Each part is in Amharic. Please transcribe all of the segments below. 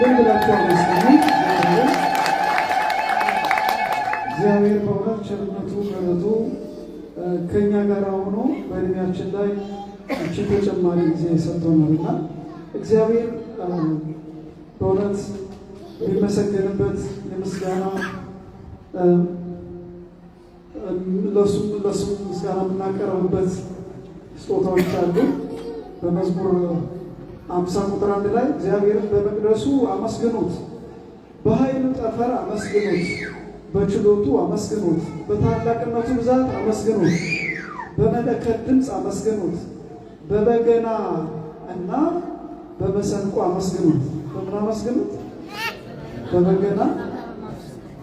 እግዚአብሔር በእውነት ቸርነቱ ምሕረቱ ከእኛ ጋር ሆኖ በእድሜያችን ላይ እችን ተጨማሪ ጊዜ ሰጥቶናልና እግዚአብሔር በእውነት የሚመሰገንበት የምስጋና ለሱም ለሱም ምስጋና የምናቀርብበት ስጦታዎች አሉ በመዝሙር አምሳ ቁጥር አንድ ላይ እግዚአብሔርን በመቅደሱ አመስግኑት፣ በኃይሉ ጠፈር አመስግኑት፣ በችሎቱ አመስግኑት፣ በታላቅነቱ ብዛት አመስግኑት፣ በመለከት ድምፅ አመስግኑት፣ በበገና እና በመሰንቆ አመስግኑት። በምን አመስግኑት? በበገና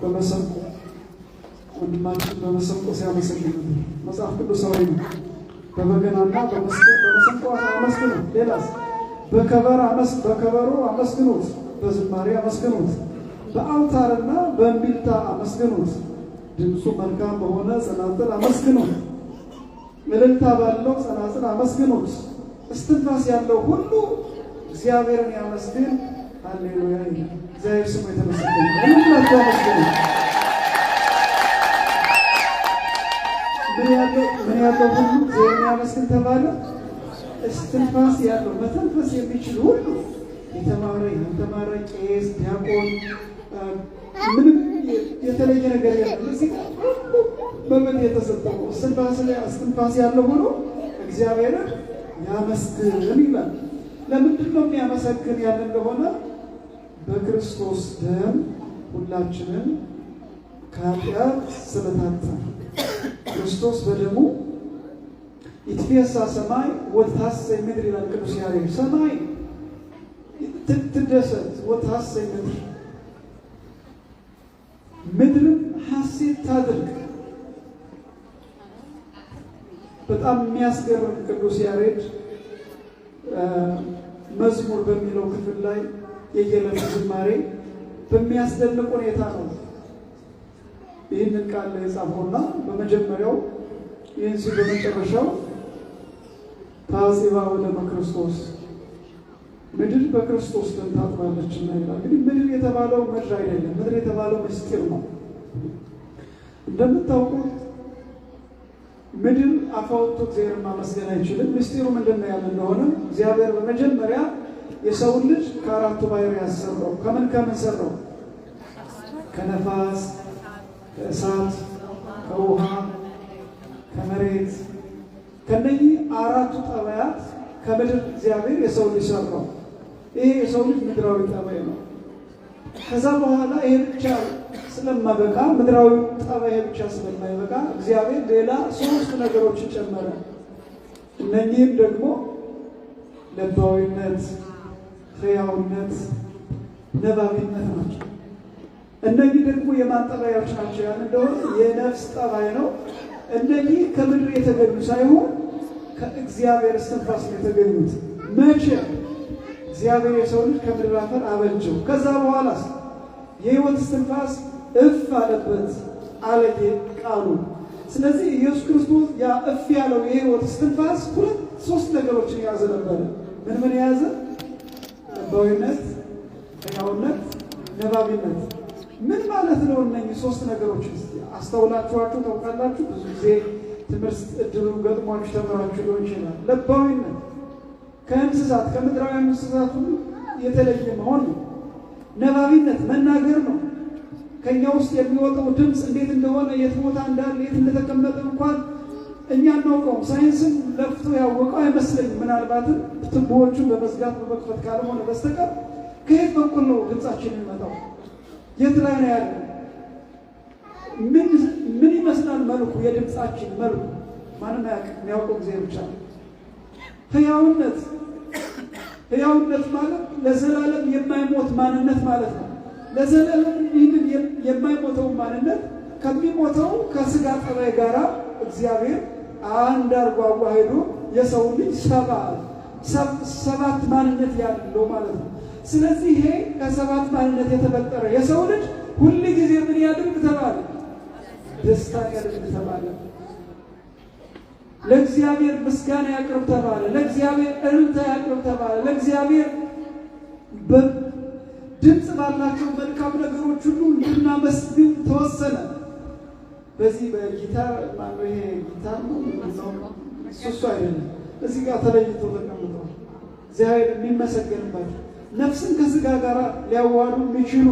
በመሰንቆ ወንድማችን በመሰንቆ ሲያመሰግኑት መጽሐፍ ቅዱሳዊ ነው። በበገናና በመሰንቆ አመስግኑት። ሌላስ በከበር በከበሮ አመስግኑት፣ በዝማሬ አመስግኑት፣ በአውታርና በእምቢልታ አመስግኑት። ድምፁ መልካም በሆነ ጸናጽል አመስግኑት፣ እልልታ ባለው ጸናጽል አመስግኑት። እስትንፋስ ያለው ሁሉ እግዚአብሔርን ያመስግን። ሃሌሉያ! እግዚአብሔር ስሙ የተመሰገነ። ሁላችሁ ምን ያለው ሁሉ እግዚአብሔርን ያመስግን ተባለ። እስትንፋስ ያለው መተንፈስ የሚችል ሁሉ የተማረ ያልተማረ፣ ቄስ፣ ዲያቆን ምንም የተለየ ነገር በምን የተሰጠው እስትንፋስ ያለው ሆኖ እግዚአብሔርን ያመስግን ይላል። ለምንድን ነው የሚያመሰግን ያለ እንደሆነ በክርስቶስ ደም ሁላችንን ከኃጢአት ስለታተነ ክርስቶስ በደሙ ኢትፌሳ ሰማይ ወታሰይ ምድር ይላል ቅዱስ ያሬድ። ሰማይ ትደሰት፣ ወታሰይ ምድር ምድርም ሀሴት ታድርግ። በጣም የሚያስገርም ቅዱስ ያሬድ መዝሙር በሚለው ክፍል ላይ የየለም ዝማሬ በሚያስደንቅ ሁኔታ ነው ይህንን ቃል የጻፈውና በመጀመሪያው ይህን ሲል በመጨረሻው ታዜባ በደመ ክርስቶስ ምድር በክርስቶስ ደም እና ይላል። እንግዲህ ምድር የተባለው ምድር አይደለም፣ ምድር የተባለው ምስጢር ነው። እንደምታውቁት ምድር አፍ አውጥቶ እግዚአብሔርን ማመስገን አይችልም። ምስጢሩ ምንድን ነው ያለ እንደሆነ እግዚአብሔር በመጀመሪያ የሰውን ልጅ ከአራቱ ባሕር ያሰራው ከምን ከምን ሰራው? ከነፋስ፣ ከእሳት፣ ከውሃ፣ ከመሬት ከነዚህ አራቱ ጠባያት ከምድር እግዚአብሔር የሰው ልጅ ሰራው። ይሄ የሰው ልጅ ምድራዊ ጠባይ ነው። ከዛ በኋላ ይሄ ብቻ ስለማይበቃ ምድራዊ ጠባይ ብቻ ስለማይበቃ እግዚአብሔር ሌላ ሶስት ነገሮችን ጨመረ። እነኚህም ደግሞ ለባዊነት፣ ህያውነት፣ ነባቢነት ናቸው። እነዚህ ደግሞ የማጠባያዎች ናቸው። ያን እንደሆነ የነፍስ ጠባይ ነው። እነዚህ ከምድር የተገኙ ሳይሆን ከእግዚአብሔር እስትንፋስ የተገኙት መቼ እግዚአብሔር የሰው ልጅ ከምድር አፈር አበጀው። ከዛ በኋላ የህይወት እስትንፋስ እፍ አለበት አለ ቃሉ። ስለዚህ ኢየሱስ ክርስቶስ ያ እፍ ያለው የህይወት እስትንፋስ ሁለት ሶስት ነገሮችን የያዘ ነበረ። ምን ምን የያዘ? ለባዊነት፣ ሕያውነት፣ ነባቢነት። ምን ማለት ነው? እነኚህ ሶስት ነገሮች አስተውላችኋቸው ታውቃላችሁ ብዙ ጊዜ ትምህርት እድሉ ገጥሟችሁ ተምራችሁ ሊሆን ይችላል። ለባዊነት ከእንስሳት ከምድራዊ እንስሳት ሁሉ የተለየ መሆን ነው። ነባቢነት መናገር ነው። ከእኛ ውስጥ የሚወጣው ድምፅ እንዴት እንደሆነ የት ቦታ እንዳለ የት እንደተቀመጠ እንኳን እኛ እናውቀውም። ሳይንስም ለፍቶ ያወቀው አይመስለኝም። ምናልባትም ትቦዎቹን በመዝጋት በመክፈት ካልሆነ በስተቀር ከየት በኩል ነው ድምፃችን የሚመጣው? የት ላይ ነው ያለ? ምን ምን ይመስላል መልኩ የድምፃችን መልኩ ማንም አያውቅም፣ የሚያውቀው ጊዜ ብቻ ህያውነት ህያውነት ማለት ለዘላለም የማይሞት ማንነት ማለት ነው። ለዘላለም ይህንን የማይሞተው ማንነት ከሚሞተው ከስጋ ጠባይ ጋር እግዚአብሔር አንድ አርጓጓ አዋህዶ የሰው ልጅ ሰባት ማንነት ያለው ማለት ነው። ስለዚህ ይሄ ከሰባት ማንነት የተፈጠረ የሰው ልጅ ሁል ጊዜ ምን ያድርግ ተባለ? ደስታ ያደርግ ተባለ። ለእግዚአብሔር ምስጋና ያቅርብ ተባለ። ለእግዚአብሔር እልልታ ያቅርብ ተባለ። ለእግዚአብሔር ድምፅ ባላቸው መልካም ነገሮች ሁሉ እንድናመስግን ተወሰነ። በዚህ በጊታር ማነው ይሄ ጊታር ነው እሱ አይደለም። እዚህ ጋር ተለይቶ ተቀምጠዋል። እግዚአብሔር የሚመሰገንባቸው ነፍስን ከስጋ ጋር ሊያዋሉ የሚችሉ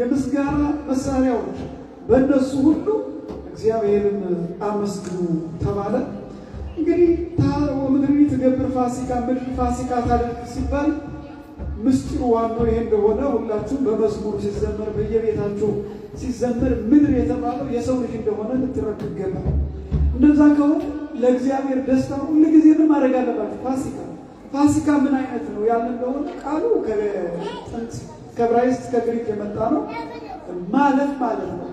የምስጋና መሳሪያዎች በእነሱ ሁሉ እግዚአብሔርን አመስግኑ ተባለ። እንግዲህ ምድሪ ትገብር ፋሲካ ምድር ፋሲካ ታደርግ ሲባል ምስጢሩ ዋናው ይሄ እንደሆነ ሁላችሁም በመዝሙሩ ሲዘመር በየቤታችሁ ሲዘመር ምድር የተባለው የሰው ልጅ እንደሆነ ልትረዱ ይገባል። እንደዛ ከሆነ ለእግዚአብሔር ደስታ ሁሉ ጊዜ ምን ማድረግ አለባችሁ? ፋሲካ ፋሲካ ምን አይነት ነው ያለ እንደሆነ ቃሉ ከጥንት ከዕብራይስጥ ከግሪክ የመጣ ነው። ማለት ማለት ነው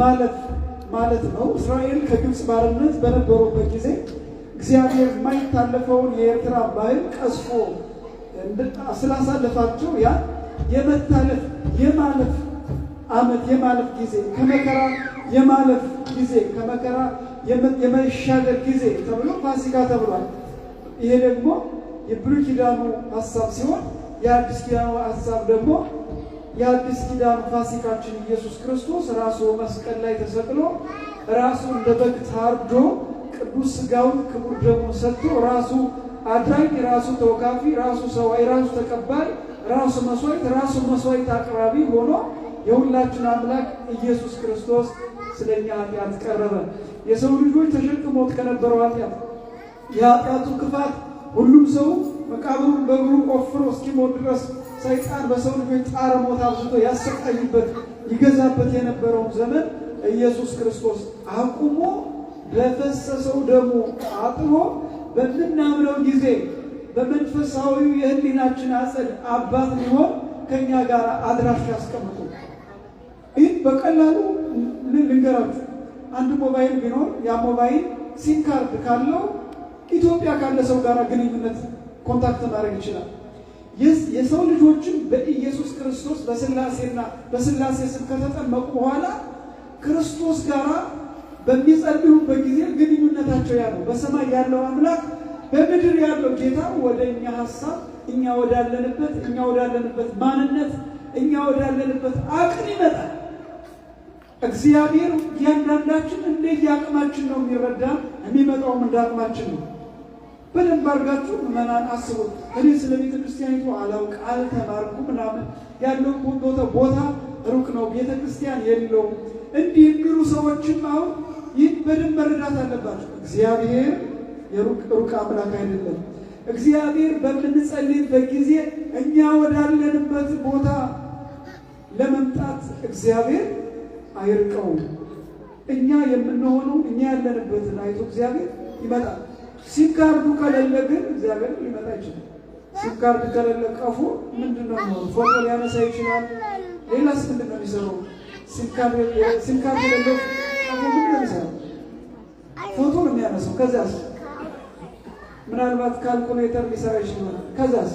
ማለት ማለት ነው። እስራኤል ከግብፅ ባርነት በነበሩበት ጊዜ እግዚአብሔር የማይታለፈውን የኤርትራ ባህር ቀስፎ ስላሳለፋቸው ያ የመታለፍ የማለፍ ዓመት የማለፍ ጊዜ ከመከራ የማለፍ ጊዜ ከመከራ የመሻገር ጊዜ ተብሎ ፋሲካ ተብሏል። ይሄ ደግሞ የብሉይ ኪዳኑ ሀሳብ ሲሆን የአዲስ ኪዳኑ ሀሳብ ደግሞ የአዲስ ኪዳን ፋሲካችን ኢየሱስ ክርስቶስ ራሱ መስቀል ላይ ተሰቅሎ ራሱ እንደ በግ ታርዶ ቅዱስ ስጋውን ክቡር ደሙን ሰጥቶ ራሱ አድራጊ፣ ራሱ ተወካፊ፣ ራሱ ሰዋይ፣ ራሱ ተቀባይ፣ ራሱ መስዋዕት፣ ራሱ መስዋዕት አቅራቢ ሆኖ የሁላችን አምላክ ኢየሱስ ክርስቶስ ስለኛ ኃጢአት ቀረበ። የሰው ልጆች ተሸክሞት ከነበረው ኃጢአት የኃጢአቱ ክፋት ሁሉም ሰው መቃብሩን በእግሩ ቆፍሮ እስኪሞት ድረስ ሰይጣን በሰው ልጆች ጣረ ሞት አብዝቶ ያሰቃይበት ይገዛበት የነበረውን ዘመን ኢየሱስ ክርስቶስ አቁሞ በፈሰሰው ደሙ አጥቦ በምናምነው ጊዜ በመንፈሳዊው የህሊናችን አጸድ አባት ሊሆን ከእኛ ጋር አድራሽ ያስቀምጡ። ይህ በቀላሉ ልንገራችሁ። አንድ ሞባይል ቢኖር ያ ሞባይል ሲም ካርድ ካለው ኢትዮጵያ ካለ ሰው ጋር ግንኙነት ኮንታክት ማድረግ ይችላል። የሰው ልጆችን በኢየሱስ ክርስቶስ በስላሴና በስላሴ ስም ከተጠመቁ በኋላ ክርስቶስ ጋር በሚጸልዩበት ጊዜ ግንኙነታቸው ያለው በሰማይ ያለው አምላክ በምድር ያለው ጌታ ወደ እኛ ሀሳብ፣ እኛ ወዳለንበት እኛ ወዳለንበት ማንነት፣ እኛ ወዳለንበት አቅም ይመጣል። እግዚአብሔር እያንዳንዳችን እንደየአቅማችን ነው የሚረዳን፣ የሚመጣውም እንደ አቅማችን ነው። በደንብ አድርጋችሁ ምዕመናን አስቡ እኔ ስለ ቤተ ክርስቲያኒቱ አላውቅ አልተማርኩ ምናምን ያለው ቦታ ሩቅ ነው፣ ቤተ ክርስቲያን የለውም። እንዲህ የሚሉ ሰዎችም አሁን ይህ በደንብ መረዳት አለባቸው። እግዚአብሔር የሩቅ አምላክ አይደለም። እግዚአብሔር በምንጸልይበት ጊዜ እኛ ወዳለንበት ቦታ ለመምጣት እግዚአብሔር አይርቀውም። እኛ የምንሆነው እኛ ያለንበትን አይቶ እግዚአብሔር ይመጣል። ሲጋርዱ ከሌለ ግን እግዚአብሔር ሊመጣ ይችላል። ሲጋርዱ ከሌለ ቀፎ ምንድን ነው ፎቶ ሊያነሳ ይችላል። ሌላስ ምንድን ነው የሚሰራው? ሲጋርዱ የሌለው ቀፎ ምንድን ነው የሚሰራው? ፎቶ ነው የሚያነሳው። ከዛስ ምናልባት ካልኩሌተር ሊሰራ ይችላል። ከዛስ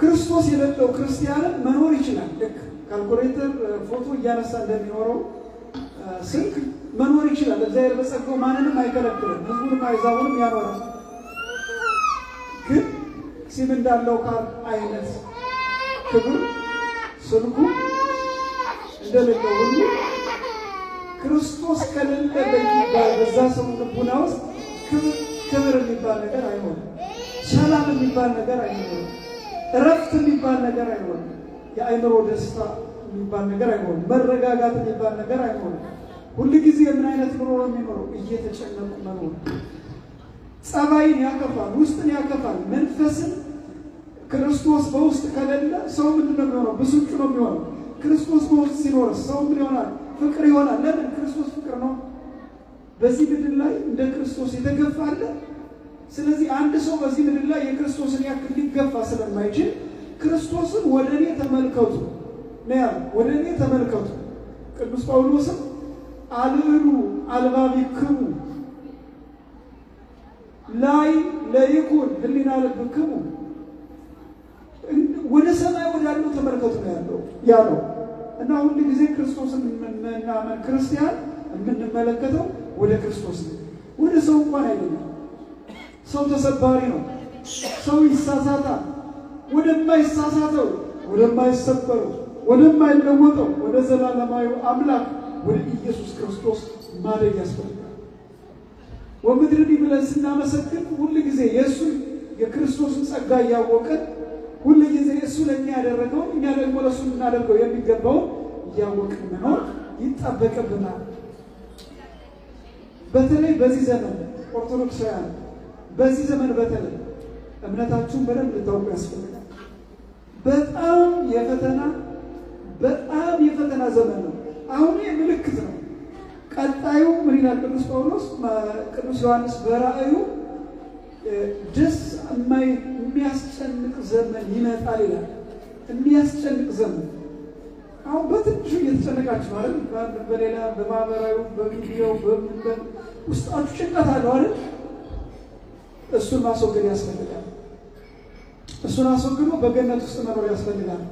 ክርስቶስ የሌለው ክርስቲያንን መኖር ይችላል። ልክ ካልኩሌተር ፎቶ እያነሳ እንደሚኖረው ስልክ መኖር ይችላል። እግዚአብሔር በጸጋው ማንንም አይከለክልም፣ ህዝቡንም አይዛቡንም ያኖራል። ግን ሲም እንዳለው ካር አይነት ክብር ስልኩ እንደሌለ ሁሉ ክርስቶስ ከሌለ በሚባል በዛ ሰው ልቡና ውስጥ ክብር የሚባል ነገር አይሆንም። ሰላም የሚባል ነገር አይሆንም። እረፍት የሚባል ነገር አይሆንም። የአእምሮ ደስታ የሚባል ነገር አይሆንም። መረጋጋት የሚባል ነገር አይሆንም። ሁሉ ጊዜ ምን አይነት ኑሮ ነው የሚኖረው? እየተጨነቁ መኖር ጸባይን ያከፋል፣ ውስጥን ያከፋል። መንፈስን ክርስቶስ በውስጥ ከሌለ ሰው ምንድን ነው የሚሆነው? ብስጩ ነው የሚሆነው። ክርስቶስ በውስጥ ሲኖር ሰው ምን ይሆናል? ፍቅር ይሆናል። ለምን? ክርስቶስ ፍቅር ነው። በዚህ ምድር ላይ እንደ ክርስቶስ የተገፋ አለ። ስለዚህ አንድ ሰው በዚህ ምድር ላይ የክርስቶስን ያክል ሊገፋ ስለማይችል ክርስቶስን ወደ እኔ ተመልከቱ ነው ያለው። ወደ እኔ ተመልከቱ ቅዱስ ጳውሎስም አልዕሉ አልባቢክሙ ላይ ለይኩን ህሊና ልብክሙ ወደ ሰማይ ወዳለው ተመልከቱ ነው ያለው ያ ነው እና ሁል ጊዜ ክርስቶስን የምናመን ክርስቲያን የምንመለከተው ወደ ክርስቶስ ነው። ወደ ሰው እንኳን አይደለም። ሰው ተሰባሪ ነው። ሰው ይሳሳታል። ወደማይሳሳተው፣ ወደማይሰበረው፣ ወደማይለወጠው ወደ ዘላለማዊ አምላክ ወደ ኢየሱስ ክርስቶስ ማደግ ያስፈልጋል። ወምድርኒ ብለን ስናመሰግን ሁል ጊዜ የእሱ የክርስቶስን ጸጋ እያወቅን ሁል ጊዜ እሱ ለእኛ ያደረገው እኛ ደግሞ ለእሱ እናደርገው የሚገባውን እያወቅን መኖር ይጠበቅብናል። በተለይ በዚህ ዘመን ኦርቶዶክሳውያን፣ በዚህ ዘመን በተለይ እምነታችሁን በደንብ ልታውቁ ያስፈልጋል። በጣም የፈተና በጣም የፈተና ዘመን ነው። አሁን ምልክት ነው። ቀጣዩ ምን ይላል ቅዱስ ጳውሎስ ቅዱስ ዮሐንስ በራእዩ ደስ የሚያስጨንቅ ዘመን ይመጣል ይላል። የሚያስጨንቅ ዘመን አሁን በትንሹ እየተጨነቃችሁ ማለት በሌላ በማህበራዊ በሚዲያው በምን ውስጣችሁ ጭንቀት አለ አይደል? እሱን ማስወገድ ያስፈልጋል። እሱን አስወግዶ በገነት ውስጥ መኖር ያስፈልጋል።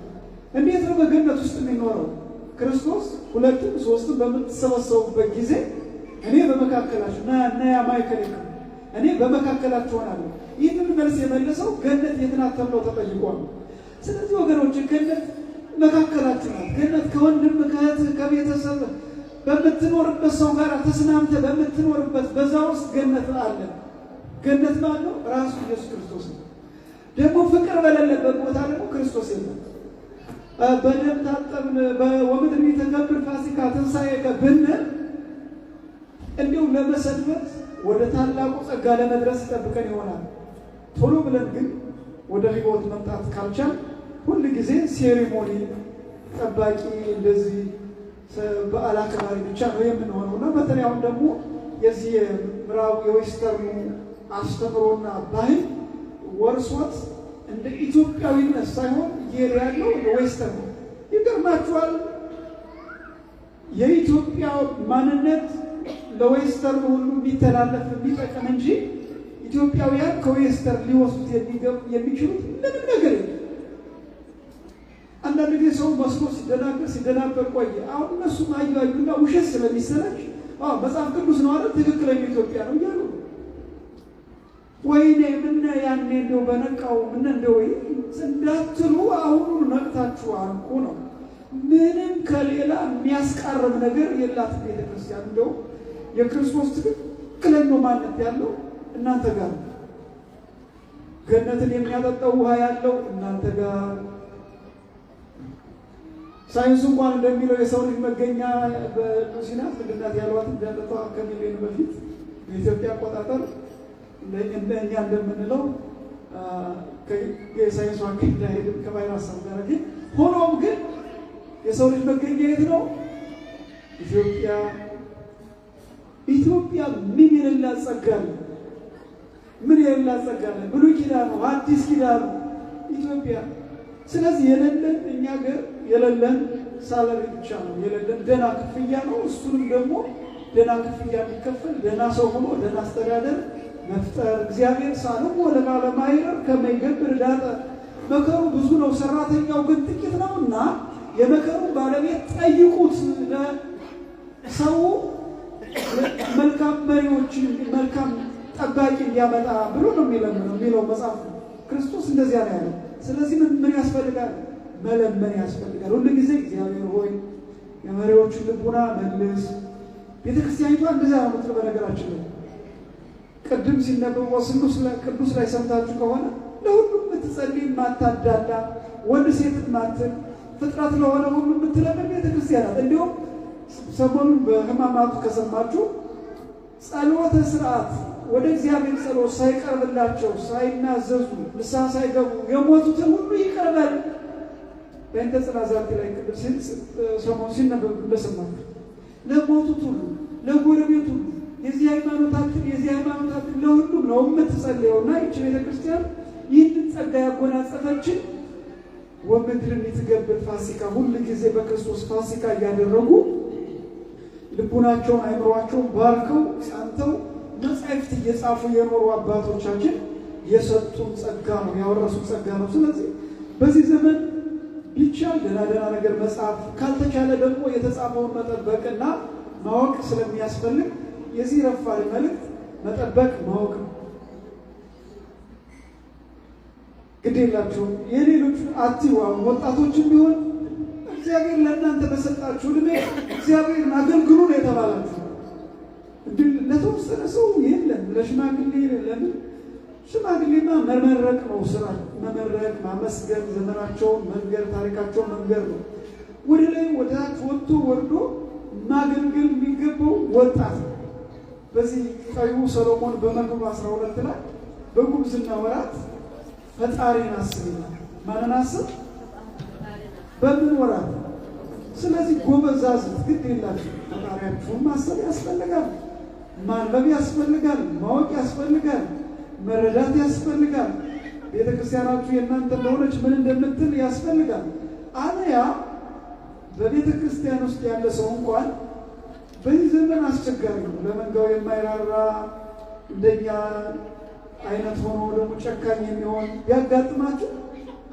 እንዴት ነው በገነት ውስጥ የሚኖረው? ክርስቶስ ሁለትም ሶስትም በምትሰበሰቡበት ጊዜ እኔ በመካከላችሁ ና ና ማይከል እኔ በመካከላችሁ ሆናለሁ። ይህንን መልስ የመለሰው ገነት የት ናት ተብሎ ተጠይቋል። ስለዚህ ወገኖች ገነት መካከላችሁ ናት። ገነት ከወንድም ከእህት ከቤተሰብ በምትኖርበት ሰው ጋር ተስማምተ በምትኖርበት በዛ ውስጥ ገነት አለ። ገነት ማለት ነው ራሱ ኢየሱስ ክርስቶስ ነው። ደግሞ ፍቅር በሌለበት ቦታ ደግሞ ክርስቶስ የለም። በደም ታጠብን ወምድር የተከብር ፋሲካ ትንሣኤ ብንል እንዲሁም ለመሰንበት ወደ ታላቁ ጸጋ ለመድረስ ጠብቀን ይሆናል። ቶሎ ብለን ግን ወደ ሕይወት መምጣት ካልቻል ሁል ጊዜ ሴሪሞኒ ጠባቂ እንደዚህ በዓል አክባሪ ብቻ ነው የምንሆነው እና በተለይ አሁን ደግሞ የዚህ ምዕራቡ የዌስተርኑ አስተምሮና ባህል ወርሶት እንደ ኢትዮጵያዊነት ሳይሆን እየሄደ ያለው እንደ ዌስተር ነው። ይገርማችኋል። የኢትዮጵያ ማንነት ለዌስተር ሁሉ የሚተላለፍ የሚጠቅም እንጂ ኢትዮጵያውያን ከዌስተር ሊወስዱት የሚችሉት ምንም ነገር የለም። አንዳንድ ጊዜ ሰው መስሎ ሲደናገር ሲደናበር ቆየ። አሁን እነሱ አዩ ውሸት ስለሚሰራች መጽሐፍ ቅዱስ ነው አለ ትክክለኛ ኢትዮጵያ ነው እያሉ ወይኔ ምን ያኔ እንደው በነቃው ምን እንደው እንዳትሉ አሁኑ ነቅታችሁ አልኩ ነው። ምንም ከሌላ የሚያስቃርብ ነገር የላትም ቤተክርስቲያን። እንደው የክርስቶስ ትክክለኛው ማንነት ያለው እናንተ ጋር ነው። ገነትን የሚያጠጣው ውሃ ያለው እናንተ ጋር ሳይንሱ እንኳን እንደሚለው የሰው ልጅ መገኛ በሉሲ ናት። ምንድን ናት ያሏት እንዳጠጣ ከሚሊዮን በፊት በኢትዮጵያ አቆጣጠር እኛ እንደምንለው የሳይንሱ አካሄድ አይሄድም ከቫይረስ ጋር ግን ሆኖም ግን የሰው ልጅ መገኛ የት ነው? ኢትዮጵያ ኢትዮጵያ ምን የሌላት ጸጋ ነው? ምን የሌላት ጸጋ ነው? ብሉይ ኪዳን ነው፣ አዲስ ኪዳን ነው ኢትዮጵያ። ስለዚህ የሌለን እኛ ገር የሌለን ሳለሪ ብቻ ነው የሌለን ደና ክፍያ ነው። እሱንም ደግሞ ደና ክፍያ የሚከፈል ደና ሰው ሆኖ ደና አስተዳደር መፍጠር እግዚአብሔር ሳልዎ ለባለማይረብ ከመይገብር ዳጠ። መከሩ ብዙ ነው፣ ሰራተኛው ግን ጥቂት ነው እና የመከሩ ባለቤት ጠይቁት። ሰው መልካም መሪዎች፣ መልካም ጠባቂ እንዲያመጣ ብሎ ነው የሚለምነው የሚለው መጽሐፍ ክርስቶስ እንደዚያ ነው ያለው። ስለዚህ ምን ያስፈልጋል? መለመን ያስፈልጋል። ሁሉ ጊዜ እግዚአብሔር ሆይ የመሪዎቹን ልቡና መልስ። ቤተክርስቲያኒቷ እንደዚያ ነው ምትል በነገራችን ላይ ቅድም ሲነበብ ቅዱስ ላይ ሰምታችሁ ከሆነ ለሁሉም የምትጸልይ የማታዳላ ወንድ ሴት ማትን ፍጥረት ለሆነ ሁሉ የምትለምን ቤተክርስቲያናት እንዲሁም ሰሞኑን በህማማቱ ከሰማችሁ ጸሎተ ስርዓት ወደ እግዚአብሔር ጸሎት ሳይቀርብላቸው ሳይናዘዙ ንስሐ ሳይገቡ የሞቱትን ሁሉ ይቀርባል። በእንተ ጽናዛቲ ላይ ቅድም ሰሞኑን ሲነበብ እንደሰማችሁ ለሞቱት ሁሉ ለጎረቤት ሁሉ የዚህ ሃይማኖታችን የዚህ ሃይማኖታችን ለሁሉም ነው ይች ይህንን ጸጋ ያጎናጸፈችን ፋሲካ ሁል ጊዜ በክርስቶስ ፋሲካ እያደረጉ ልቡናቸውን አይምሯቸውን ባርከው ጸንተው እየጻፉ የኖሩ አባቶቻችን የሰጡን ጸጋ ነው ያወረሱን ጸጋ ነው። ስለዚህ በዚህ ዘመን ቢቻል ደህና ደህና ነገር ካልተቻለ ደግሞ የተጻፈውን መጠበቅና ማወቅ ስለሚያስፈልግ የዚህ ረፋሪ መልእክት መጠበቅ ማወቅ ነው። ግድ የላቸውም የሌሎቹ አትዋም ወጣቶችም ቢሆን እግዚአብሔር ለእናንተ በሰጣችሁ እድሜ እግዚአብሔርን አገልግሉ ነው የተባላችሁ። እድል ለተወሰነ ሰው የለም ለሽማግሌ ለምን ሽማግሌማ መመረቅ ነው ስራ መመረቅ፣ ማመስገን፣ ዘመናቸውን መንገር፣ ታሪካቸውን መንገር ነው። ወደ ላይ ወደ ወጥቶ ወርዶ ማገልገል የሚገባው ወጣት ነው። በዚህ ጠቢቡ ሰሎሞን በመዝሙር 12 ላይ በጉብዝና ወራት ፈጣሪን አስብ ይላል። ማንን አስብ? በምን ወራት? ስለዚህ ጎበዛዝት ግድ የላችሁ ፈጣሪያችሁን ማሰብ ያስፈልጋል። ማንበብ ያስፈልጋል። ማወቅ ያስፈልጋል። መረዳት ያስፈልጋል። ቤተ ክርስቲያናችሁ የእናንተ እንደሆነች ምን እንደምትል ያስፈልጋል። አለያ በቤተ ክርስቲያን ውስጥ ያለ ሰው እንኳን በዚህ ዘመን አስቸጋሪ ነው። ለመንጋው የማይራራ እንደኛ አይነት ሆኖ ደግሞ ጨካኝ የሚሆን ቢያጋጥማችሁ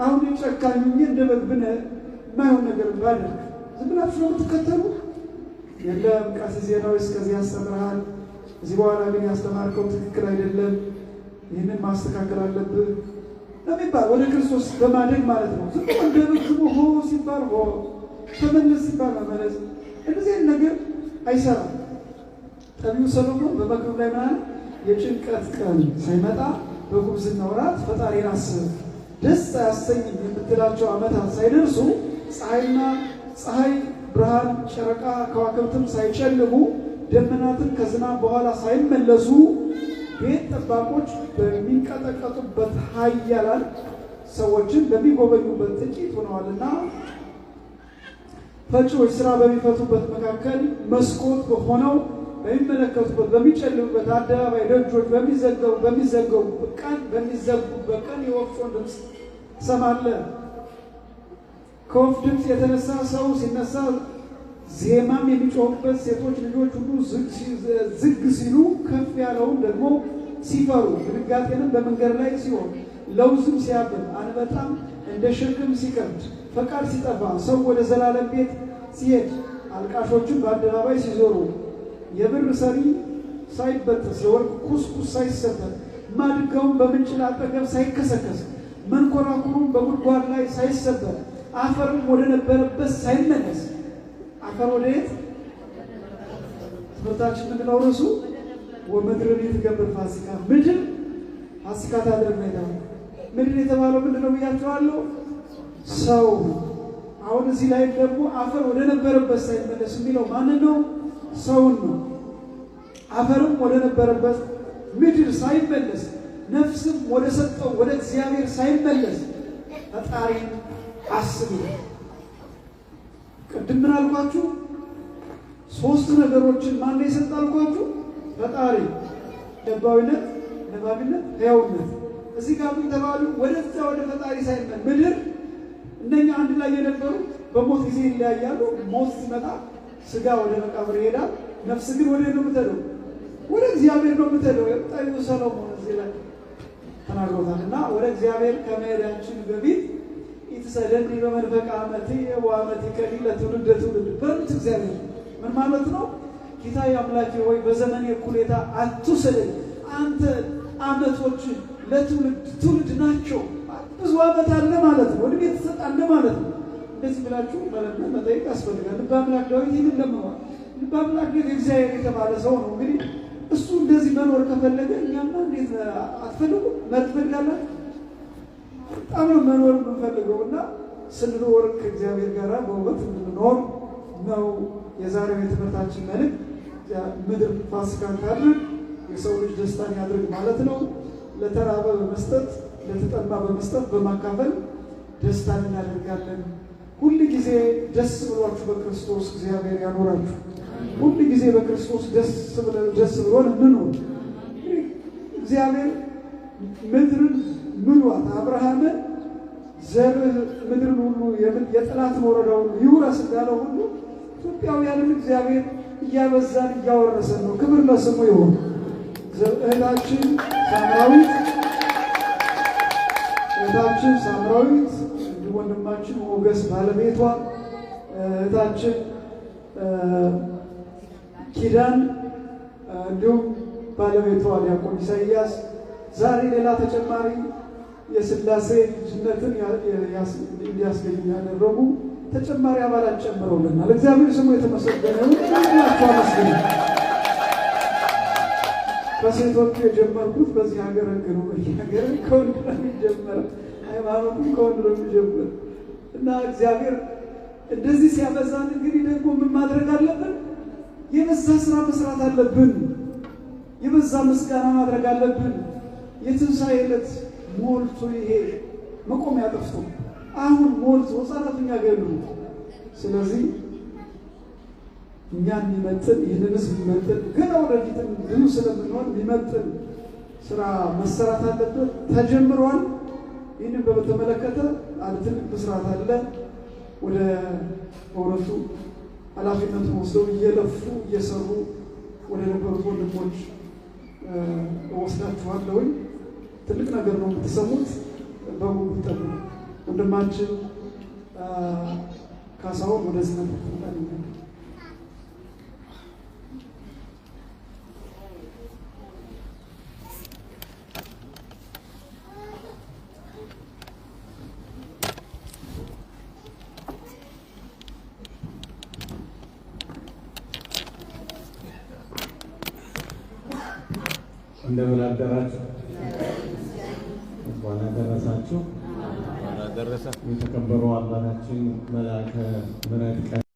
አሁን ጨካኝ እንደ በግ የማይሆን ነገር ባደርግ ዝም ብላችሁ የምትከተሉ የለም። ቀሲስ ዜናዊ እስከዚህ ያስተምርሃል፣ እዚህ በኋላ ግን ያስተማርከው ትክክል አይደለም፣ ይህንን ማስተካከል አለብህ ለሚባል ወደ ክርስቶስ በማደግ ማለት ነው። ዝም እንደ በግ ሆ ሲባል ሆ ተመለስ ሲባል መመለስ እንደዚህ ነገር አይሰራም። ጠቢው ሰሎሞን በመክብብ ላይ ምናምን የጭንቀት ቀን ሳይመጣ በጉብዝና ወራት ፈጣሪን አስብ ደስ አያሰኝም የምትላቸው ዓመታት ሳይደርሱ ፀሐይና ፀሐይ ብርሃን ጨረቃ ከዋክብትም ሳይጨልሙ ደመናትን ከዝናብ በኋላ ሳይመለሱ ቤት ጠባቆች በሚንቀጠቀጡበት ኃያላን ሰዎችን በሚጎበኙበት ጥቂት ሆነዋልና ፈጪዎች ስራ በሚፈቱበት መካከል መስኮት በሆነው በሚመለከቱበት በሚጨልሙበት አደባባይ ደጆች በሚዘገቡ በሚዘገቡ ቀን በሚዘጉበት ቀን የወፍጮን ድምፅ ትሰማለህ። ከወፍ ድምፅ የተነሳ ሰው ሲነሳ ዜማም የሚጮህበት ሴቶች ልጆች ሁሉ ዝግ ሲሉ ከፍ ያለውን ደግሞ ሲፈሩ ድንጋጤንም በመንገድ ላይ ሲሆን ለውዝም ሲያብብ አንበጣም እንደ ሸክም ሲከብድ ፈቃድ ሲጠፋ ሰው ወደ ዘላለም ቤት ሲሄድ አልቃሾቹን በአደባባይ ሲዞሩ የብር ሰሪ ሳይበጠስ የወርቅ ኩስኩስ ሳይሰበር ማድጋውን በምንጭ አጠገብ ሳይከሰከስ መንኮራኩሩም በጉድጓድ ላይ ሳይሰበር አፈርም ወደ ነበረበት ሳይመለስ አፈር ወደ የት ትምህርታችን ምንድነው ርዕሱ ወምድርን የተገብር ፋሲካ ምድር ፋሲካ ታድርግ ነው ምድር የተባለው ምንድነው ብያቸዋለሁ ሰው አሁን እዚህ ላይ ደግሞ አፈር ወደ ነበረበት ሳይመለስ የሚለው ማንን ነው? ሰውን ነው። አፈርም ወደ ነበረበት ምድር ሳይመለስ ነፍስም ወደ ሰጠው ወደ እግዚአብሔር ሳይመለስ ፈጣሪ አስብ ቅድም ምን አልኳችሁ? ሶስት ነገሮችን ማን ነው የሰጠ አልኳችሁ? ፈጣሪ ደባዊነት፣ ነባቢነት፣ ሕያውነት። እዚህ ጋር ምን ተባሉ? ወደዛ ወደ ፈጣሪ ሳይመለስ ምድር እነኛ አንድ ላይ የነበሩ በሞት ጊዜ ይለያያሉ። ሞት ሲመጣ ስጋ ወደ መቃብር ይሄዳል። ነፍስ ግን ወደ ነው የምትሄደው፣ ወደ እግዚአብሔር ነው የምትሄደው። የምጣዩ ሰለሞን እዚህ ላይ ተናግሮታል እና ወደ እግዚአብሔር ከመሄዳችን በፊት ኢትሰደኒ በመንፈቅ አመት ወአመት ከሊ ለትውልድ ለትውልድ በምት እግዚአብሔር ምን ማለት ነው? ጌታ አምላኬ ወይ በዘመን የኩሌታ አትውሰደኝ። አንተ አመቶች ለትውልድ ትውልድ ናቸው ብዙ ዓመት አለ ማለት ነው። እድሜ የተሰጠ አለ ማለት ነው። እንደዚህ ብላችሁ መለመን መጠየቅ ያስፈልጋል። ልበ አምላክ ዳዊት ይህንን ለምኗል። ልበ አምላክ ግን እግዚአብሔር የተባለ ሰው ነው። እንግዲህ እሱ እንደዚህ መኖር ከፈለገ እኛማ እንዴት አትፈልጉም? መትፈልጋለን በጣም መኖር የምንፈልገው እና ስንኖር ከእግዚአብሔር ጋር በውበት እንድንኖር ነው የዛሬው የትምህርታችን መልዕክት። ምድር ፋሲካን ታድርግ፣ የሰው ልጅ ደስታን ያድርግ ማለት ነው። ለተራበ በመስጠት ለተጠማ በመስጠት በማካፈል ደስታን እናደርጋለን። ሁል ጊዜ ደስ ብሏችሁ በክርስቶስ እግዚአብሔር ያኖራችሁ። ሁል ጊዜ በክርስቶስ ደስ ብሎን እንኖር። እግዚአብሔር ምድርን ምሏት፣ አብርሃምን ዘር ምድርን ሁሉ የጠላት መውረዳውን ይውረስ እንዳለው ሁሉ ኢትዮጵያውያንም እግዚአብሔር እያበዛን እያወረሰን ነው። ክብር ለስሙ ይሆን። እህታችን ሰማዊት እህታችን ሳምራዊት እንዲሁም ወንድማችን ሞገስ ባለቤቷ፣ እህታችን ኪዳን እንዲሁም ባለቤቷ ዲያቆን ኢሳያስ ዛሬ ሌላ ተጨማሪ የስላሴ ልጅነትን እንዲያስገኝ ያደረጉ ተጨማሪ አባላት ጨምረውልናል። እግዚአብሔር ስሙ የተመሰገነ ናቸው። አመስግኑ። በሴቶቹ የጀመርኩት በዚህ ሀገር ህግ ነው። በዚህ ሀገር ከወንድ ነው የሚጀመረው። ሃይማኖት ከወንድ ነው የሚጀምር እና እግዚአብሔር እንደዚህ ሲያበዛን እንግዲህ ደግሞ ምን ማድረግ አለብን? የበዛ ስራ መስራት አለብን። የበዛ ምስጋና ማድረግ አለብን። የትንሣኤ ዕለት ሞልቶ ይሄ መቆሚያ ጠፍቶ አሁን ሞልቶ ህጻናት ገሉ። ስለዚህ እኛን የሚመጥን ይህንንስ የሚመጥን ገና ወደፊትም ብዙ ስለምንሆን የሚመጥን ስራ መሰራት አለበት። ተጀምሯል። ይህንን በተመለከተ አንድ ትልቅ ምስራት አለ። ወደ በእውነቱ ኃላፊነት ወስደው እየለፉ እየሰሩ ወደ ነበሩት ወንድሞች እወስዳችኋለሁኝ። ትልቅ ነገር ነው የምትሰሙት። በሙሉ ጠ ወንድማችን ካሳሁን ወደዚህ ነበር